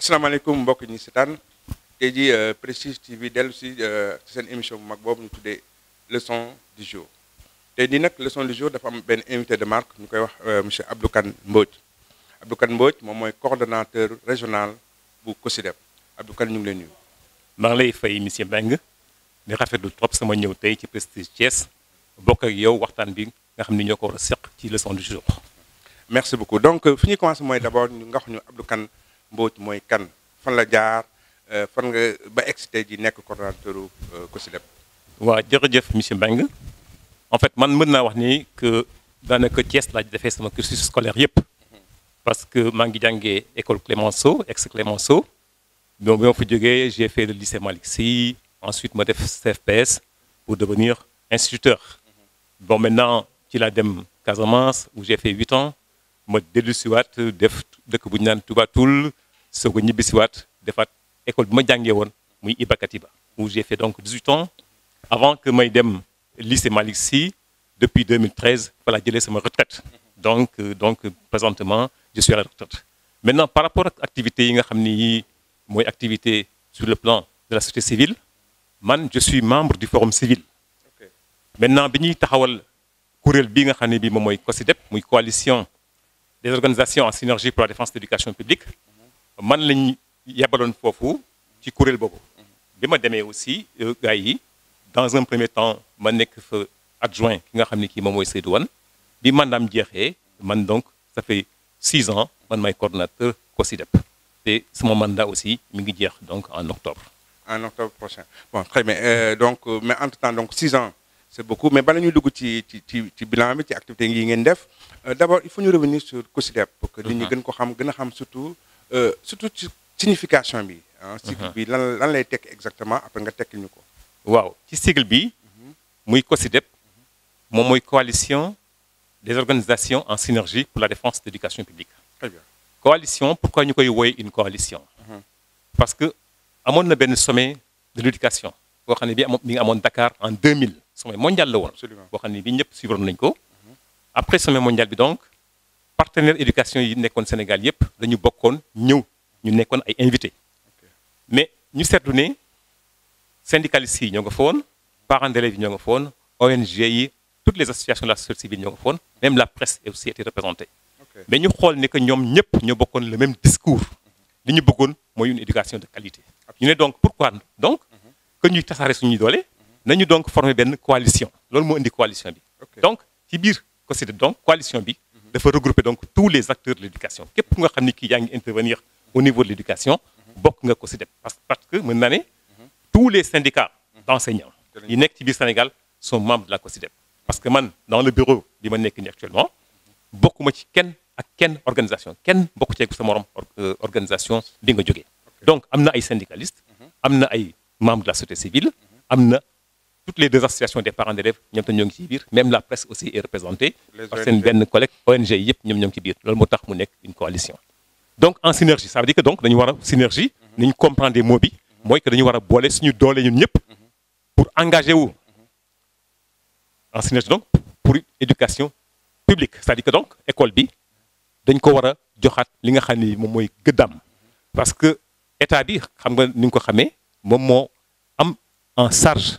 asalaamaaleykum mbokk ñi seetaan tey ji euh, Prestige TV dellu si euh, seen émission bu mag bobu ñu tuddee leçon du jour tey di nak leçon du jour dafa am ben invité de marque ñu koy wax euh, monsieur Abdou Kane Mbodj Abdou Kane Mbodj moom mooy coordonnateur régional bu COSYDEP Abdou Kane ñu ngi lay nuyu. maa ngi lay fay monsieur Mbengue di rafetlu trop sama ñew tay ci Prestige Thiès bokk ak yow waxtan bi nga xamni ñoko ñoo ko ci leçon du jour. merci beaucoup donc fini ñuy commencé mooy d' ñu nga wax ñu Abdou Kane. Mbodj moy kan fan la jaar euh, fan nga ba excité ji nekk coordonnateur euh, COSYDEP. waaw jërëjëf monsieur bang en fait man meuna wax ni que daanaka Thiès la defee sama cursus scolaire yëpp. parce que mangi jangé école Clémenceau ex Clémenceau donc bi ma jogué j'ai fait le lycée Malick Sy ensuite ma def CFPS pour devenir instituteur. bon maintenant ci laa dem Casamance où j'ai fait 8 ans où j'ai fait donc 18 ans avant que may dem lycée Malick depuis 2013 voilà ma retraite donc euh, donc présentement je suis à la retraite maintenant par rapport à l'activité activité sur le plan de la société civile je suis membre du forum civil maintenant je coalition des organisations en synergie pour la défense de l'éducation publique man lañ yebaloon foofu ci kuréel boobu bi ma demee aussi euh, gars dans un premier temps ma nekk adjoint qui nga xam ne kii et mooy Seydou Wane bi man donc ça fait six ans man maay coordinateur COSIDEP c'est mon mandat aussi mi ngi donc en octobre en octobre prochain bon très bien euh, donc euh, mais entre temps donc six ans c'est beaucoup mais bala ñuy ci ci bilan bi ci activité euh, d'abord il faut nous revenir sur COSIDEP, pour que nous ñi uh-huh. gën ko xam surtout euh, surtout signification bi ah cycle bi lan exactement après nga tekkil ñu waaw ci cycle bi uh-huh. muy coalition des organisations en synergie pour la défense de l'éducation publique très bien coalition pourquoi nous avons une coalition parce que à mon un sommet de l'éducation Nous xam un bi de Dakar en 2000 sommet mondial la woon. boo xam ne bi ñëpp suivre nañ après sommet mondial bi donc partenaire éducation yi nekkoon Sénégal nous dañu bokkoon ñëw ñu ay invités. mais nous sommes ne syndicalistes yi parents d'élèves yi ONG toutes les associations de la société civile même la presse aussi été représentée. mais nous xool que nous avons tous le même discours. Nous ñu une éducation de qualité. ñu ne donc pourquoi donc mhm. que ñuy tasaare suñuy nous avons donc formé une coalition loolu moo la coalition donc la donc coalition bi mhm. de regrouper donc tous les acteurs de l'éducation Tout ce nga xam intervenir au niveau de l'éducation mhm. bokk nga parce parce que maintenant, mhm. tous les syndicats d'enseignants les nekk ci Sénégal sont membres de la coalition parce que man dans le bureau de ma nekk actuellement beaucoup ci kenn ak kenn organisation kenn bokk ceeg sa euh, organisation Donc, il y donc des syndicalistes des membres de la société civile des toutes les deux associations des parents d'élèves même la presse aussi est représentée par c'est une collègue ONG yëpp ñoom ñoo une coalition donc en synergie ça veut dire que donc avons une synergie mhm. nous comprenons les des mots bi que dañu mhm. pour engager wu mhm. en synergie donc pour l'éducation publique ça veut dire que donc école nous avons une war parce que l'État, comme nous nga ni en charge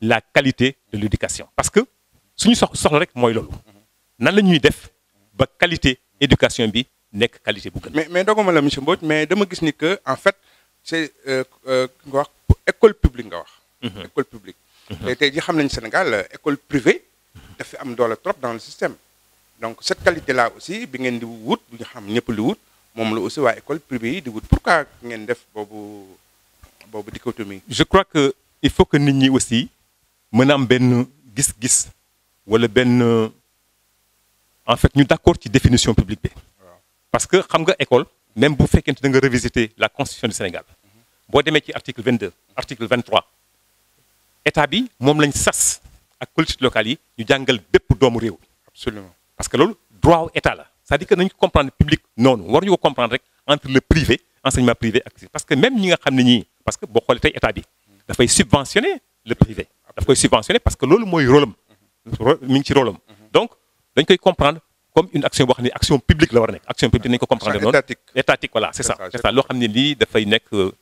la qualité de l'éducation parce que si nous sortons rek moi loolu nan la def ba qualité éducation bi nekk qualité bu gën. mais mais doguma la monsieur Mbodj mais dama gis ni que en fait c'est euh, euh école publique nga wax. Mhm. école publique. Mhm. te tey jii xam Sénégal euh, école privée fait am dollar trop dans le système donc cette qualité là aussi bi ngeen di wut bi xam aussi waa école privée di pourquoi ngeen def boobu dichotomie. je crois que il faut que nous aussi mën benn gis-gis wala benn en fait nous d'accord ci définition publique parce que xam nga école même bu fekkente da nga revisiter la constitution du Sénégal bo démé ci article 22 article 23 état bi mom lañ sas ak culture locale yi ñu jàngal bép doomu réew absolument parce que le droit est état la c'est-à-dire que comprenons comprendre public non, war ñu ko comprendre entre le privé enseignement privé parce que même ñi nga xam ni parce que bo xolé tay état bi fay subventionner le privé daf koy subventionner parce que loolu mooy rôle mi rôle donc dañ koy comprendre comme une action action publique la war action publique dañu ko comprendre noonu étatique voilà c'est ça c'est ça loo xam ne euh,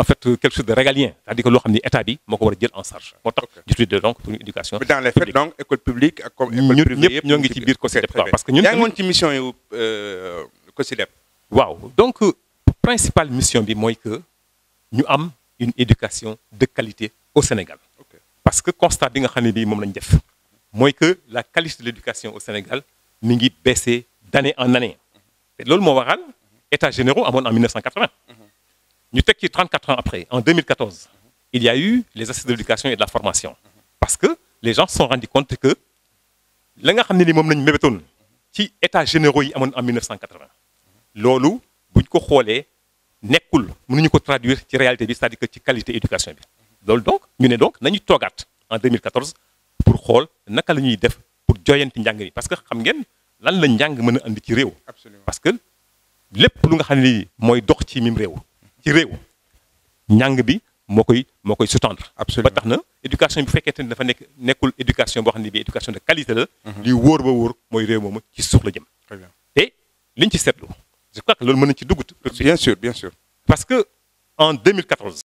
en fait euh, quelque chose de régalien c'est-à-dire que l'homme est établi, état bi moo ko en charge moo donc pour l'éducation Mais dans les faits donc école publique comme école privée ñëpp ñoo ci biir parce que ñun avons une woon ci mission yu euh, waaw donc principale mission bi que nous am une éducation de qualité au Sénégal parce que constat que nga que la qualité de l'éducation au Sénégal a baissé d'année en année mhm. te loolu moo waral mhm. généraux en 1980 Nous sommes 34 ans après en 2014 mhm. il y a eu les assises de l'éducation et de la formation parce que les gens se sont rendus compte que la nga nous avons ni c'est lañ mébétoon ci généraux yi en 1980 loolu buñ ko xoolee mënuñu ko traduire la réalité c'est-à-dire que qualité éducation l'éducation loolu donc ñu né donc nañu togat en 2014 pour xol naka la ñuy def pour jooyanti njàng mi parce que xam ngeen lan la njàng mëna a andi ci réew. parce que lepp lu nga xam ne mooy dox ci mim réew. ci réew njàng bi moo koy moo koy sous ba taxna éducation bi bu fekkee ne dafa nek nekul éducation bo xamni bi éducation de qualité la. Mhm. li wóor ba wóor moy rew moomu ci suuf la jëm. te liñ ci seetlu je crois que lolu mën ci dugg. bien sûr bien sûr parce que en 2014.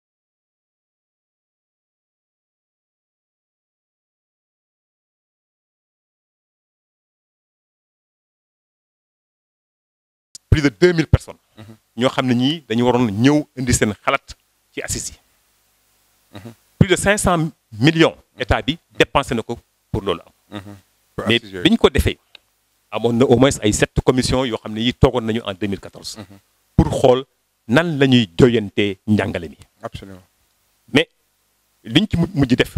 plus de 2000 personnes. nous avons ne que dañu avons ñëw indi seen ci plus de 500 millions détats dépensés pour l'OLA. mais bi ko au moins ay y commissions 7 commissions qui yi en 2014. Mhm. pour voir nan la nous joyantee njàngale mi. absolument mais liñ ci mujj def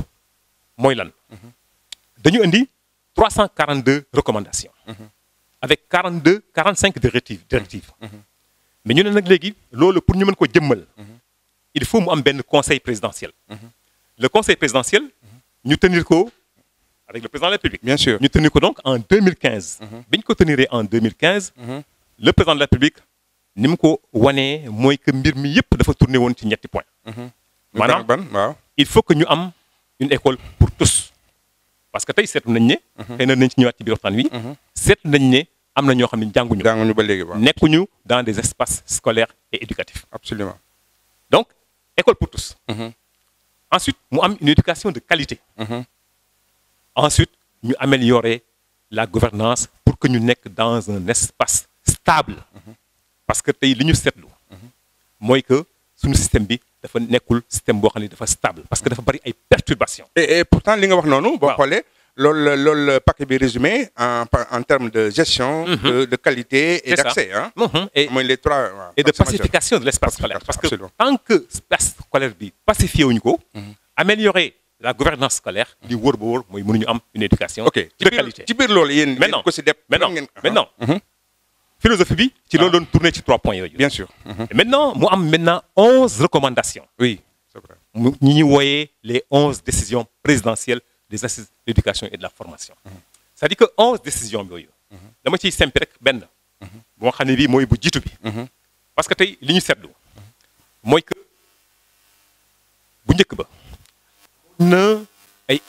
nous avons mhm. dañu 342 recommandations. Mhm avec 42 45 directives directives mm-hmm. Mm-hmm. mais nous, nous avons dit loolu pour ñu mën ko jëmmal mm-hmm. il faut mu am un conseil présidentiel le conseil présidentiel nous tenir ko avec le président de la République bien sûr Nous tenir donc en 2015 Si ñu ko en 2015 le président de la République nous pas ko wanee mooy que mbir mi yëpp dafa Maintenant, il faut que nous ayons une école pour tous parce que tey seetlu nañ ne xëy na nañ ci ñëwaat ci nous sommes dans des espaces scolaires et éducatifs. absolument donc école pour tous. Mm-hmm. ensuite nous avons une éducation de qualité. Mm-hmm. ensuite nous améliorer la gouvernance pour que nous soyons dans un espace stable. Mm-hmm. parce que tey li ñu seetlu. mooy que suñu système bi dafa nekkul système boo stable. parce que dafa bari des perturbations. et pourtant li nga wax le la est paquet résumé en termes de gestion. Mhm. de qualité et d'accès hein. Mhm. hein. et de pacification de l'espace scolaire. parce que tant que l'espace scolaire est pacifié ko. Mhm. améliorer la gouvernance scolaire. il wóor ba une éducation. de qualité maintenant maintenant hein. philosophie bi ci ah. tourner sur trois points bien sûr. maintenant moi, am maintenant recommandations. oui c'est vrai. Nous les 11 décisions présidentielles des assises d'éducation et de la formation Ça dit dire que 11 décisions La moitié c'est un rek benn boo moi, ne c'est parce que c'est Moi, que bu ba na ay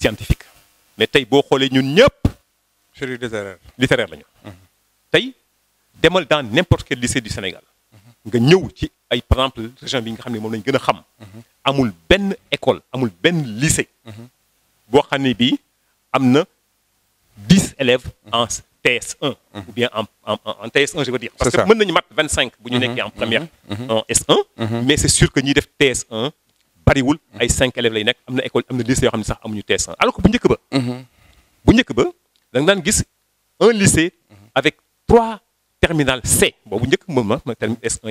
scientifique mais beaucoup n'y ñun ñëpp littéraire littéraire dans n'importe quel lycée du Sénégal nga ñëw ci ay par exemple région bi nga xam ne moom lañ gën a xam. Mhm. amul benn école amul benn lycée. Mhm. boo xam ne bii am dix élèves mhm. en TS1. ou bien en en TS1 je veux dire. parce que mën nañu mat 25, bu ñu nekkee en première. en S1. mais c'est sûr que ñuy def TS1 bariwul ay cinq élèves lay nekk am na école am lycée yoo xam ne sax amuñu TS1 alors que bu njëkk ba. bu njëkk ba da nga daan gis un lycée avec trois terminal C boobu njëkk moom la ah, S1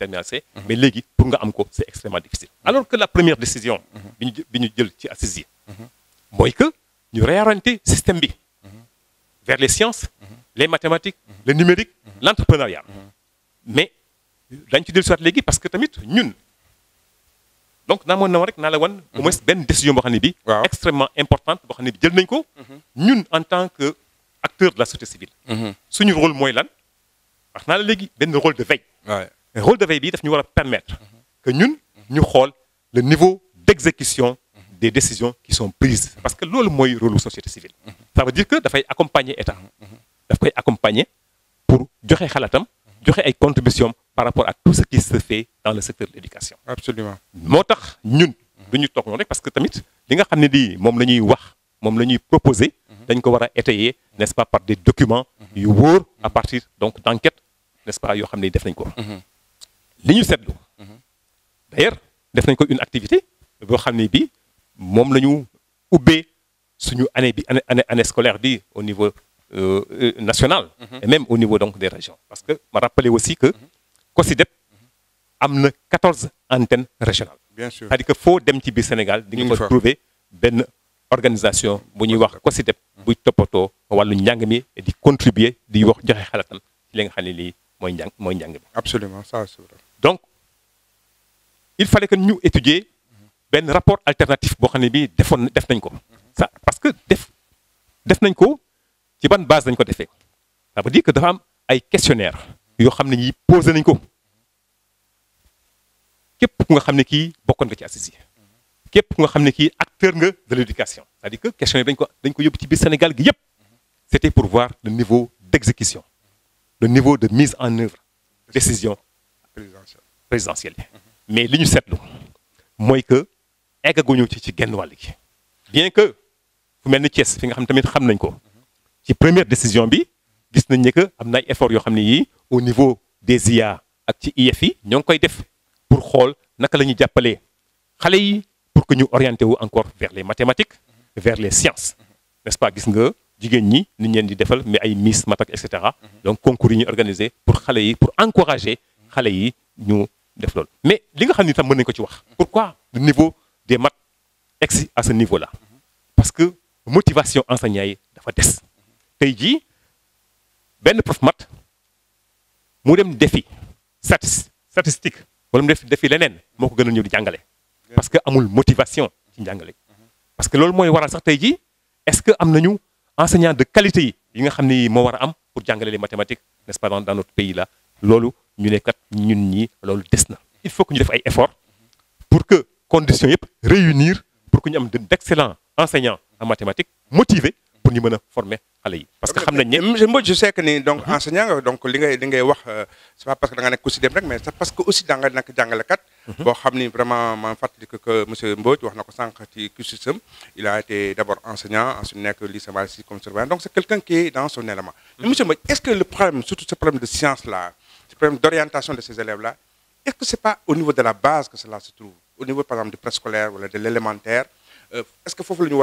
terminal C. Mhm. mais c'est pour nga am extrêmement difficile. Mhm. alors que la première décision. Mhm. bi ñu jël ci que ñu réorienter système bi. vers les sciences. les mathématiques. le numérique. l'entrepreneuriat, mais dañ ci dellusiwaat léegi parce que nous, ñun. donc naa moon na rek la au moins décision extrêmement importante Nous, en tant que acteur de la société civile suñu rôle mooy lan wax naa la léegi benn rôle de veille. rôle de veille bi daf ñu permettre que ñun ñu xool le niveau d'exécution des décisions qui sont prises parce que loolu mooy rôle société civile. ça veut dire que dafay accompagner état daf koy accompagner pour joxe xalaatam joxe ay contributions par rapport à tout ce qui se fait dans le secteur de l'éducation. absolument moo tax ñun du ñu toog parce que tamit li nga xam ne di moom la ñuy wax moom la proposer dañ ko étayer n'est-ce pas par des documents yu wóor à partir donc d'enquêtes n'est-ce pas yoo xam ne def nañ ko. Mhm. li ñu mhm. d'ailleurs def nañ ko une activité boo xam ne bii moom la ñu ubbee suñu année bi année année scolaire bi au niveau euh, national. Mhm. et même au niveau donc des régions. parce que ma rappelé aussi que COSYDEP am 14 antennes régionales. bien sûr c'est-à-dire que faut dem ci Sénégal. di nga trouver benn organisation bu ñuy wax COSYDEP. buy toppatoo wàllu njàng di contribuer di wax joxe xalaatam ci li nga xam mooy njàng mooy njàng absolument ça donc il fallait que nous étudions benn rapport alternatif boo xam ne bii def nañ ko. ça parce que def def nañ ko ci ban base dañ ko defee ça veut dire que dafa am ay questionnaire yoo xam ne ñi posé nañ ko képp ku nga xam ne kii bokkoon nga ci assises yi nga xam ne acteur nga de l'éducation? c'est-à-dire que questionnaire dañ ko dañ ko yóbbu ci Sénégal gi c'était pour voir le niveau d'exécution le niveau de mise en œuvre décision présidentielle présidentielle mais li ñu seetlu que eggaguñu ci ci genn bien que fu melni ties fi nga xam tamit xam nañ ko ci première décision bi gis nañ ne que am na ay efforts au niveau des IA ak ci IFI ñong koy def pour xol naka lañu jappalé xalé yi pour que ñu orienté wu encore vers les mathématiques vers les sciences n'est-ce pas gis nga jigéen ñi li di defal mais ay miss matak etc mhm. donc concours yi organisé pour xale yi pour encourager mhm. xale yi ñu def mais li nga xam ni tam mën ko ci wax mhm. pourquoi le niveau des maths ex à ce niveau là parce que motivation enseignant yi dafa des tey jii ben prof mat mu dem statistique wala défi def defi leneen moo ko gën di parce que amul motivation ci parce que loolu mooy waral sax tey jii est-ce que am nañu enseignants de qualité yi ont nga xamni mo pour les mathématiques n'est-ce pas dans notre pays là lolu ñu né kat ñun ñi il faut que nous def ay efforts pour que conditions yëpp réunir pour que nous ayons d'excellents enseignants en mathématiques motivés pour nous former à parce que je sais que ni donc enseignant donc li ngay euh, c'est pas parce que da nga nekk dem mais c'est parce que aussi da nga jangale kat mhm. bo xam vraiment ma que monsieur Mbodj wax nako il a été d'abord enseignant ensuite nek lycée comme donc c'est quelqu'un qui est dans son élément mhm. monsieur Mbodj est-ce que le problème surtout ce problème de science là ce problème d'orientation de ces élèves là est-ce que c'est pas au niveau de la base que cela se trouve au niveau par exemple du préscolaire ou de l'élémentaire euh, est-ce que faut que nous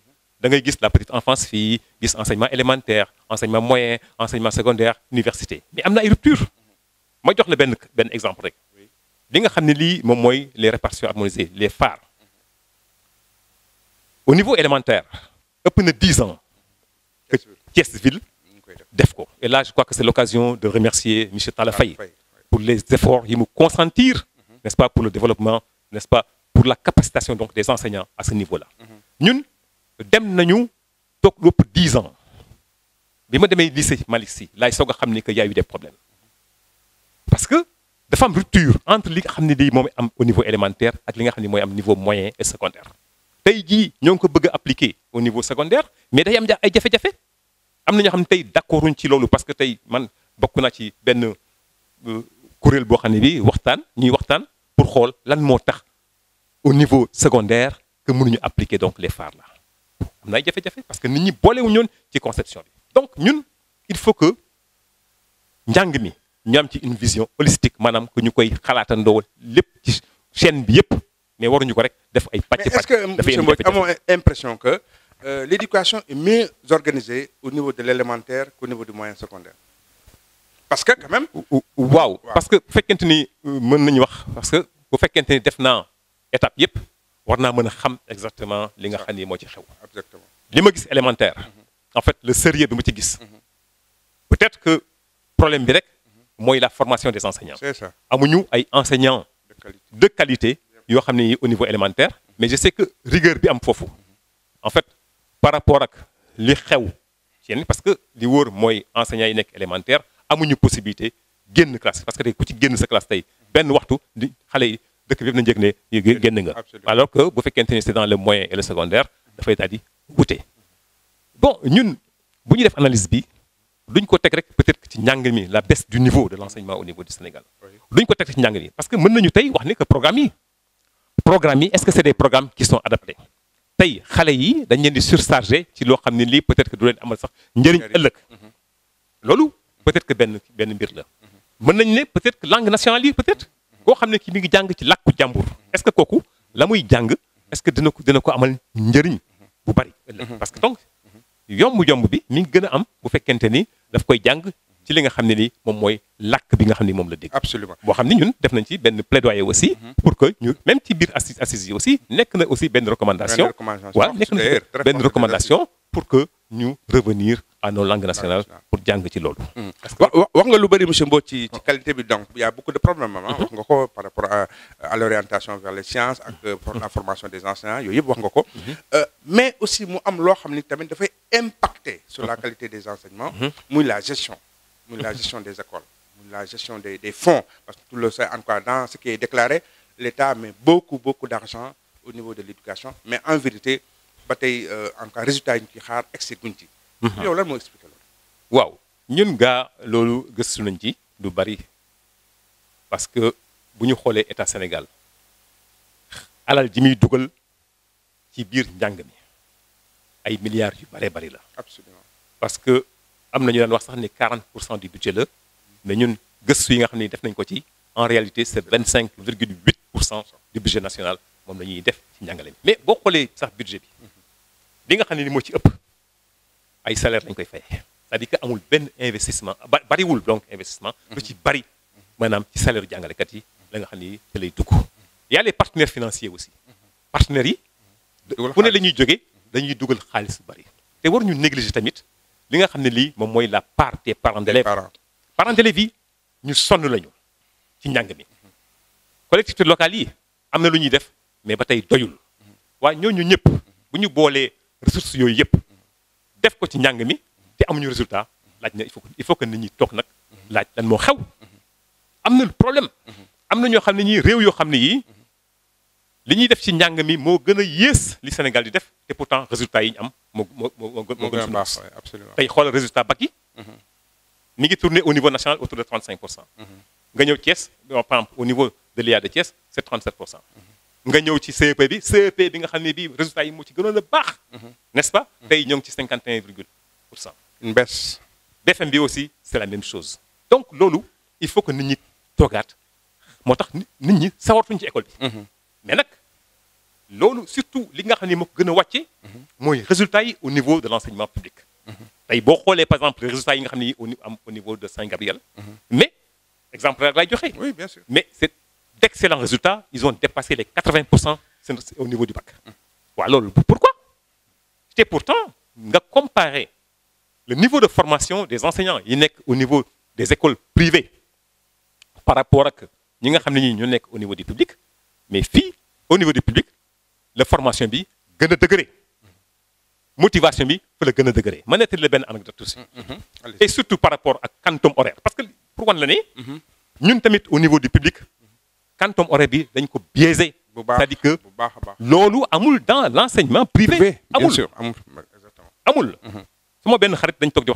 da ngay la petite enfance fille, gis enseignement élémentaire enseignement moyen enseignement secondaire université mais il y a une rupture Je vais vous donner un exemple rek li nga les répartitions harmonisées les phares au niveau élémentaire depuis 10 ans que de ville DEFCO. et là je crois que c'est l'occasion de remercier M. Tala pour les efforts qu'il nous consentir mhm. n'est-ce pas pour le développement n'est-ce pas pour la capacitation donc des enseignants à ce niveau-là mhm. ñun dem nañu toog lu dix ans bima ma lycée Malick Sy lay soog a que y a eu des problèmes parce que dafa am rupture entre li nga xam di moom am au niveau élémentaire ak li nga xam moy am niveau moyen et secondaire tay ji ñong ko bëgg appliquer au niveau secondaire mais day am ay jafé jafé am na ñoo xam ne tey d'accorduñ ci lolu parce que tay man bokku na ci ben kuréel bo xam bi waxtaan ñi waxtaan pour xol lan mo tax au niveau secondaire que mënuñu appliquer donc les phares là am na ay parce que nit ñi boolewuñu woon ci conception bi donc ñun il faut que njàng mi ñu am ci une vision holistique manam que ñu koy xalaatandoo lépp ci chaîne bi yépp mais waru ñuko rek def ay patch patch dafay indi jafe que impression que euh, l'éducation est mieux organisée au niveau de l'élémentaire qu'au niveau du moyen secondaire. parce que quand même. waaw parce que bu ni meun nañu wax parce que bu fekkente ni def na étape yépp war naa mën a xam exactement li nga xam ni moo ci xew. Les ma gis élémentaire mhm. en fait le sérieux de ma mhm. peut-être que le problème bi la formation des enseignants avons des enseignants de qualité sont au niveau élémentaire mhm. mais je sais que rigueur est am foofu en fait par rapport à l'échec, parce que les enseignants élémentaires enseignants yi possibilité élémentaire amuñu possibilité une classe parce que si vous ci cette classe vous ben waxtu di xale yi bi alors que vous faites ni dans le moyen et le secondaire dafay daal dit wute bon ñun buñu def analyse bi duñ ko tek rek peut-être ci njàng mi la baisse du niveau de l'enseignement au niveau du Sénégal duñ ko tek ci njàng mi parce que mën nañu tay wax ni que programme yi programme yi est-ce que c'est des programmes qui sont adaptés tay xalé yi dañ leen di surcharger ci lo xamni li peut-être que du leen amal sax njëriñ ëllëg mhm. lolu peut-être que ben ben mbir la mhm. mën nañ ne peut-être que langue nationale yi peut-être mhm. koo xam ki mi ngi jang ci lakku jambour est-ce que kooku la jang est-ce que dina ko dina ko amal njëriñ Mhm. parce que donc yomb yomb bi mi am bu daf koy jàng ci li nga la absolument boo ñun plaidoyer aussi mhm. pour que nous même ci biir assise aussi nekk na recommandation pour que nous revenir à nos langues nationales pour dire ci hmm. Il oh. y' a beaucoup de problèmes hein. mm-hmm. par rapport à l'orientation vers les sciences euh, pour la mm-hmm. formation des enseignants mm-hmm. euh, mais aussi mu am impacter sur la qualité des enseignements. la gestion la gestion des écoles. la gestion des fonds parce que tout le sait encore dans ce qui est déclaré l'État met beaucoup beaucoup d'argent au niveau de l'éducation mais en vérité il y euh, résultat qui yow lan moo expliqué loolu. waaw ñun gaa loolu gëstu nañ ci du bari parce que bu ñu xoolee état Sénégal alal ji muy dugal ci biir njàng mi ay milliards yu bare bari la. absolument parce que am na ñu daan wax sax ni 40 pour cent du budget la mais ñun gëstu yi nga xam ne def nañ ko ci en réalité c' est 25 virgule 8 pour cent du budget national moom la ñuy def ci njàngale mi mais boo xoolee sax budget bi li nga xam ne moo ci ëpp ay salaire lañ c'est-à-dire investissement donc investissement mhm. ci bari ci salaire yi la nga y a les partenaires financiers aussi mhm. partenaires yi nous ne la ñuy les dañuy dugal xaalis bari te war négliger tamit li la part des parents parents sommes yi ñu sonn lañu ci mhm. mais ba doyul nous bu ñu ressources def ko ci njàng mi te amuñu résultat laaj na il faut il faut que nit ñi tok nak laaj lan mo xew amna problème amna ño xamni ñi rew yo xamni yi li ñi def ci njàng mi moo gën a li Sénégal di def te pourtant résultat yi ñu am mo mo mo mo gën a baax résultat bac mi ngi tourner au niveau national autour de 35 pour cent mhm. nga ñëw Thiès par exemple au niveau de l'IA de Thiès c'est 37 nga ñëw ci CEP bi CEP bi nga xam ne résultat yi moo ci gënoon a baax. Mhm. n'est-ce pas mhm. tey ñoo ngi ci 51 virgule pour cent. une baisse. BFM bi aussi c'est la même chose. donc loolu il faut que nit ñi toogaat moo tax nit ñi sawartuñ ci école bi. Mhm. mais nag loolu surtout li nga xam ne moo ko gën a wàcce. mooy yi au niveau de l'enseignement public. tey boo xoolee par exemple résultat yi nga xam ne yi au niveau de Saint-Gabriel. mais exemple rek laay joxe. oui bien sûr mais c'est excellents résultats. Ils ont dépassé les 80% au niveau du bac. Mm. alors, pourquoi c'était pourtant, on comparer le niveau de formation des enseignants au niveau des écoles privées par rapport à ce nga nous au niveau du public mais si au niveau du public la formation bi degré motivation bi fa le gën a degré. le suis anecdote mm, mm-hmm. et surtout par rapport à quantum horaire parce que pour l'année, nous sommes au niveau du public quand on aurait dit, on aurait biaisé. C'est-à-dire que l'olu amoul dans l'enseignement privé. Bien sûr. C'est moi bien harit d'un tok la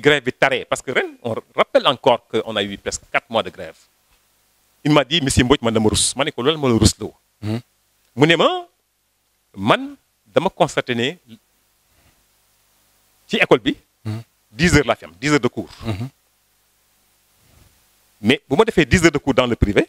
grève. est taré. Parce que on rappelle encore qu'on a eu presque 4 mois de grève. Il m'a dit, monsieur Mbouit, madame Rousse, je suis un peu rousse. Mon je me constate que l'école, 10 heures la femme, 10 heures de cours. Mhm. Mais si je fais 10 heures de cours dans le privé.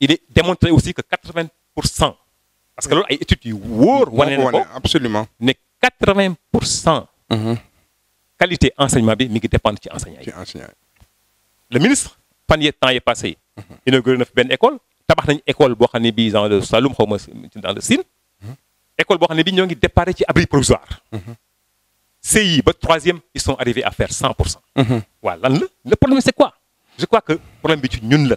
il est démontré aussi que 80 parce que l'on a étudié yu absolument mais 80 pour mhm. qualité enseignement bi mi dépend dépendre ci enseignants ci le ministre fan yee temps est passé. Mhm. Il na une benn école tabax nañu école boo xam ne bii dans le Saloum xaw dans le Sine. Mhm. école boo xam qui bii qui ngi déparé ci abri provisoire. CI ba troisième ils sont arrivés à faire 100 pour le problème c'est quoi. je crois que problème bi ci ñun la.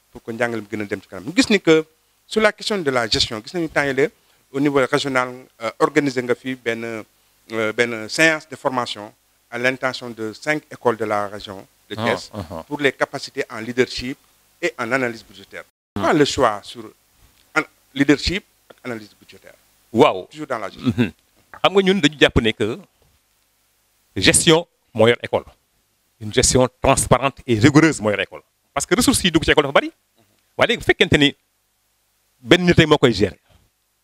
pour que nous puissions gën plus dem ci sur la question de la gestion au niveau régional euh, organiser nga fi euh, séance de formation à l'intention de cinq écoles de la région de ah, Thiès ah, ah. pour les capacités en leadership et en analyse budgétaire pas le choix sur leadership et analyse budgétaire Wow. toujours dans la gestion mhm. xam nga ñun dañu ne que gestion meilleure école une gestion transparente et rigoureuse une une école parce que ressources yi dugg ci école dafa bari waaye léegi bu fekkente ni benn nit rek moo koy gérer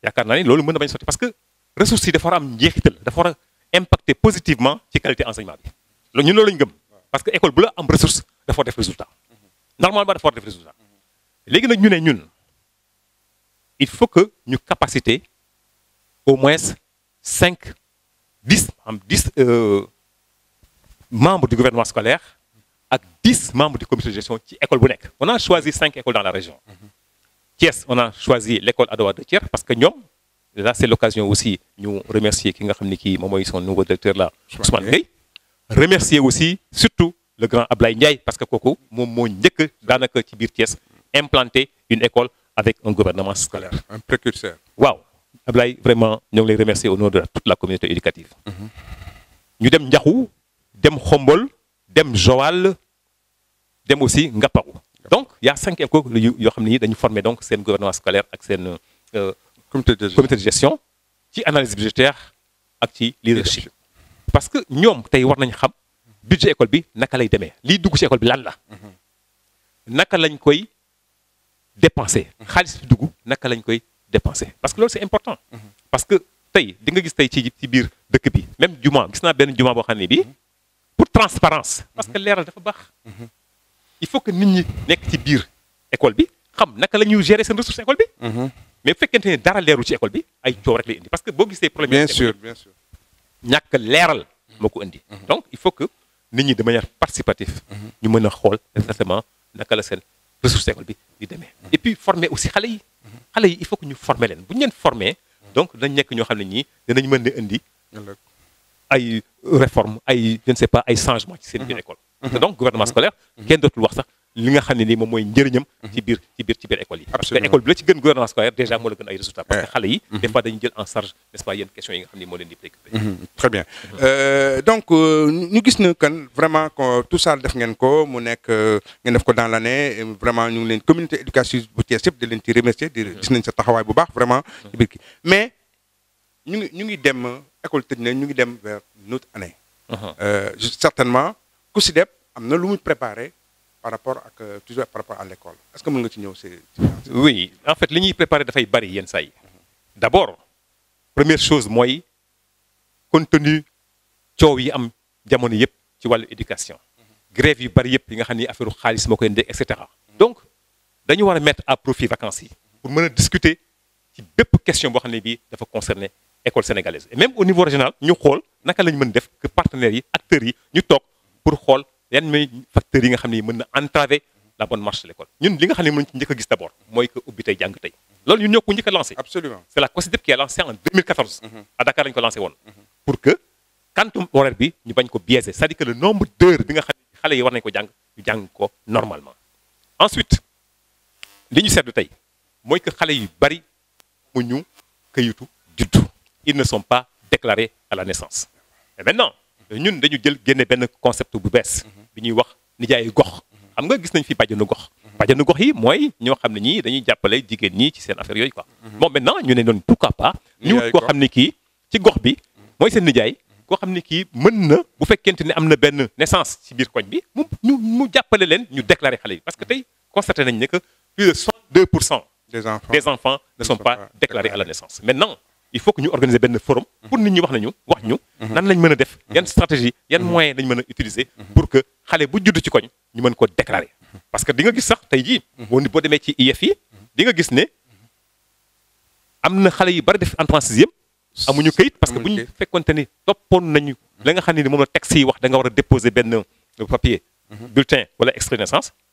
yaakaar naa ni loolu mën na bañ sotti parce que ressources yi dafa war am njeexital dafa war a positivement ci qualité enseignement bi loolu ñun loolu gëm parce que école bu la am ressources dafa def résultat normalement dafa war def résultat léegi nag ñu ne ñun il faut que ñu capacité au moins cinq dix am dix euh, membres du gouvernement scolaire ak 10 membres du comité de gestion qui école bu on a choisi 5 écoles dans la région mhm. on a choisi l'école Adoua de Thiès parce que nous, là c'est l'occasion aussi nous remercier Kinga nga son nouveau directeur là Ousmane remercier aussi surtout le grand Ablaï Ndiaye parce que Koko, moom moo njëkk daanaka ci implanter une école avec un gouvernement scolaire un précurseur waaw Ablaï, vraiment nous les lay remercier au nom de toute la communauté éducative mhm. ñu dem Ndiakhou dem Xombol dem Joal dem aussi ngaparo. donc il y a cinq écoles yoo xam ne dañu former donc sen gouvernement scolaire ak seen euh, comité de gestion qui analyse budgétaire ak ci leadership parce que ñom tay war nañ xam budget école bi naka lay démé li dugg ci école bi lan la mhm. naka lañ koy dépenser xaalis bi dugg naka lañ koy dépenser parce que lolu c'est important mhm. parce que tay di nga gis tay ci ci biir dëkk bi même juma gis na benn juma boo xam ne bii mhm pour transparence mhm. parce que leeral dafa baax mhm. il faut que nit ñi nekk ci biir école bi xam naka la ñuy gérer seen ressource école bi mhm. mais bu fekkente ne dara leeru ci école bi ay coow rek lay indi parce que boo gisee problème bien sûr bien sûr ñàkk leeral moo ko indi donc il faut que nit ñi de manière participative ñu mën a xool exactement naka la seen ressource école bi di demee et puis former aussi xale yi xale yi il faut que ñu former leen bu ñu former donc dañ nekk ñoo xam ne ñii dinañ mën a indi ay réforme ay je ne sais pas ay changement ci seen biir mhm. école mhm. te donc gouvernement mhm. scolaire kenn dootul wax sax li nga xam ne nii moom mooy njëriñam ci biir ci biir ci biir école yi parce que école bi la ci gën gouvernement scolaire déjà moo la gën ay résultats parce que eh. xale yi des fois dañu jël en charge n'est-ce pas yenn question yi nga xam ne moo leen di préoccupé très bien euh, donc euh, ñu gis na kan vraiment tout ça def ngeen ko mu nekk euh, ngeen def ko dans l'année vraiment ñu ngi leen communauté éducative bu Thiès yëpp di leen ci remercier di gis nañ sa taxawaay bu baax vraiment ci biir mais ñu ngi ngi dem école tëj ñu ngi dem vers une année. Uh-huh. Euh, certainement ku si def am na lu mu préparé par rapport ak euh, toujours par rapport à l'école est-ce que mën nga ci oui en fait li ñuy préparé dafay bari yenn saa d'abord première chose moi, contenu, tu coow yi am jamono yëpp ci wàllu éducation. grève yu bari yëpp yi nga affaire au chalisme, etc. donc dañu war mettre à profit vacances pour mën discuter ci bépp question boo xam ne dafa concerner école sénégalaise et même au niveau régional ñu xool naka la ñu def que partenaires yi acteurs yi ñu pour voir yan may facteurs yi nga entraver la bonne marche de l'école ñun li nga xam ne mën ci njëkk a gis d' abord que ubbi tey jàng tey loolu ñun ñoo lancé absolument C'est la COSIDEP qui a lancé en 2014 mm-hmm. à Dakar la ñu ko lancé mm-hmm. pour que quantum horaire bi ñu bañ ko biaiser. c'est à dire que le nombre d'heures que bi nga xam ne xale yi war nañ ko jàng ñu jàng ko normalement ensuite li ñu seetlu tey que les yu bari mu ñu këyitu juddu ils ne sont pas déclarés à la naissance Et maintenant ñun dañu jël génne benn concept bu bees bi ñuy wax nijaayu gox xam nga gis nañ fi bàjjenu gox bàjjenu gox yi mooy ñoo xam ne ñii dañuy jàppale jigéen ñi ci seen affaire yooyu quoi bon maintenant ñu ne noonu pourquoi pas ñu wut koo xam ne kii ci gox bi mooy seen nijaay koo xam ne kii na bu fekkenti ne amna ben naissance ci biir koñ bi mu mu jappalé leen ñu déclarer xalé parce que tay constaté nañ ne que plus de 62 des enfants des enfants ne sont pas déclarés à la naissance maintenant il faut que nous organiser benn forum pour nit ñi wax nañu wax ñu mhm. nan lañ mëna def mhm. yan stratégie yan mhm. moyens lañ mëna utiliser pour que xalé bu judd ci koñ ñu mëna ko déclarer parce que di nga gis sax tay ji bo ni bo démé ci IEF yi di nga gis né amna xalé xale yu bari def entrée en sixième amuñu kayit parce que buñu fekkonté ni toppoon nañu la nga xam ne ni moom la texte yi wax da nga wara déposer ben papier bulletin wala extrait de naissance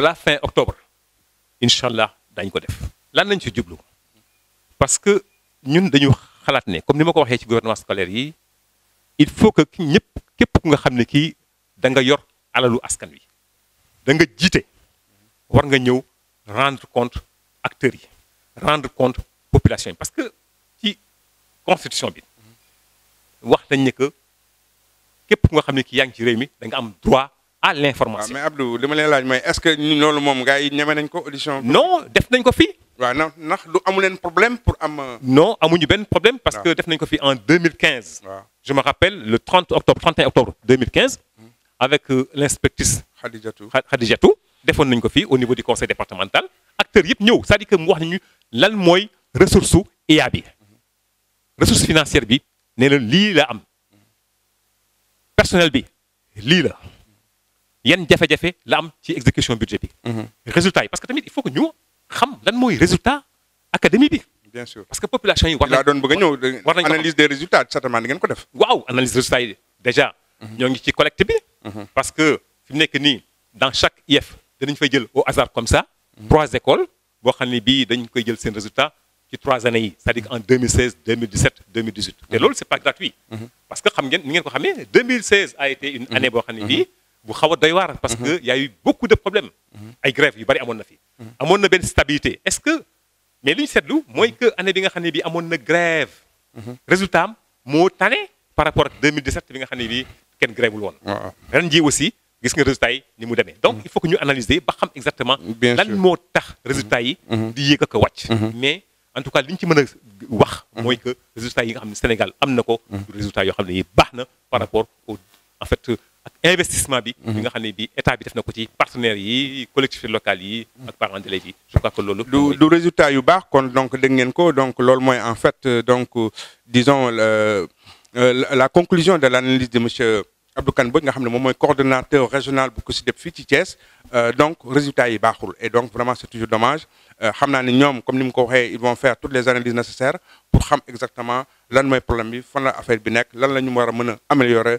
la fin octobre inshallah, ko def lan lañ parce que nous, dañu nous comme nous ko gouvernement scolaire il faut que nous képp ku nga xamné ki da nga yor alalu askan wi da nga war nga rendre compte acteurs rendre compte population parce que ci constitution bi wax nous ne que nga droit à l'information. Ah, mais Abdou je ma laaj est ce que nous sommes gars yi ñeme nañ ko audition. non def nañ ko fi. waaw na du problème pour am. Euh, non amuñu benn problème parce que def nañ ko fi en 2015. je me rappelle le 30 octobre 31 octobre 2015. avec euh, l'inspectrice inspectrice. Khadijatou Khadijatou nañ ko au niveau du conseil départemental acteurs sont ñëw c'est-à-dire que mu wax nañu lan mooy ressources et IA Ressources financières financière bi nee Le la am personnel bi lii il jafe a la am ci exécution budget bi. Mhm. résultat parce que tamit il faut que ñu xam lan mooy résultat académie bien sûr parce que population yi war analyse des résultats certainement di ko def. analyse des résultats déjà. Mhm. ñoo ngi ci collecte bi. Mhm. parce que fi mu nekk dans chaque IF danañ fay jël au hasard comme ça. trois écoles boo xam ne bii dañ koy jël résultat ci trois années yi c'est-à-dire en 2016 2017 2018. te ce c'est pas gratuit. parce que xam ngeen ni ngeen 2016 a été une année boo xam ne bu xaw a doy waar parce que il mhm. y a eu beaucoup de problèmes mhm. ay grèves yu bari amoon na fi mhm. amoon na ben stabilité est-ce que mais l'une ñu seetlu que année bi nga xam ne bi amoon na grève résultat am moo par rapport à 2017 bi nga xam ne bi kenn grèvewul woon ah, ah. ren ji aussi gis nga résultat yi ni mu demee donc il faut que ñu analyser ba xam exactement lan moo tax résultat yi di yéeg ak a mais en tout cas l'une qui ci mën wax moy que résultat yi nga Sénégal am na résultat yo xam yi baxna par rapport au en fait investissement bi. bi nga xamné bi état bi def na ko ci partenaires yi collectivités locales yi. ak parents d'élèves yi je crois que lolu du du résultat yu bax kon donc deug ngeen ko donc lolu moy en fait euh, donc euh, disons euh, la la conclusion de l'analyse de monsieur Abdou Kane Mbodj nga xamné mom moy coordonnateur régional bu COSYDEP fi ci Thiès donc résultat yi baxul et donc vraiment c'est toujours dommage xam naa ne ñoom comme ni mu ko waxee ils vont faire toutes les analyses nécessaires pour xam exactement lan mooy problème bi fan la affaire bi nekk lan la ñu war a mën a améliorer.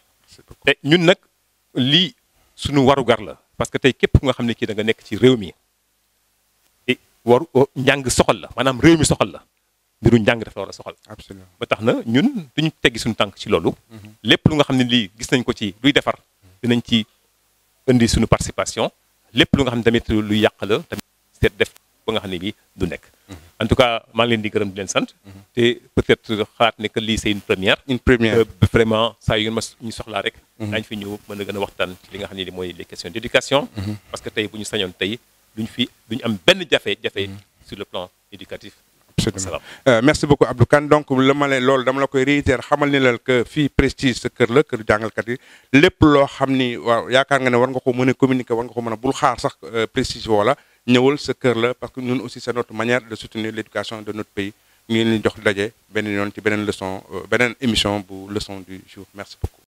te ñun nag lii suñu warugar la parce que tey képp ku nga xam ne kii da nga nekk ci réew mi te njàng soxal la maanaam réew mi soxal la mbiru njàng dafa war a soxal. absolument ba tax na ñun ñu teggi suñu tànk ci loolu. Mhm. lépp lu nga xam ne lii gis nañ ko ci luy defar dinañ ci indi sunu participation lépp lu nga xam ne tamit lu yàq la tamit seet def ba nga xam ne bii du nekk. Mhm. en tout cas maa ngi leen di gërëm di leen sant. et peut-être xalaat ne que lii c'est une première. une première euh, vraiment saa yu ma ñu soxlaa rek. Mhm. daañu fi ñëw mën a gën a waxtaan ci li nga xam ne mooy les questions d'éducation. Mhm. parce que tey bu ñu sañoon tey duñ fi duñ am benn jafe-jafe. Mhm. sur le plan éducatif. absolument euh, merci beaucoup Abdou Kane donc le ma leen loolu dama la koy réitère xamal ni la que fii prestige sa kër la kër jàngalkat yi lépp loo xam ni waaw yaakaar nga ne war nga ko mën a communiquer war nga ko mën a bul xaar sax euh, prestige wala avons ce cœur là parce que ñun aussi c'est notre manière de soutenir l'éducation de notre pays ñu ngi jox daje benen yoon ci benen leçon euh, benen émission bu leçon du jour merci beaucoup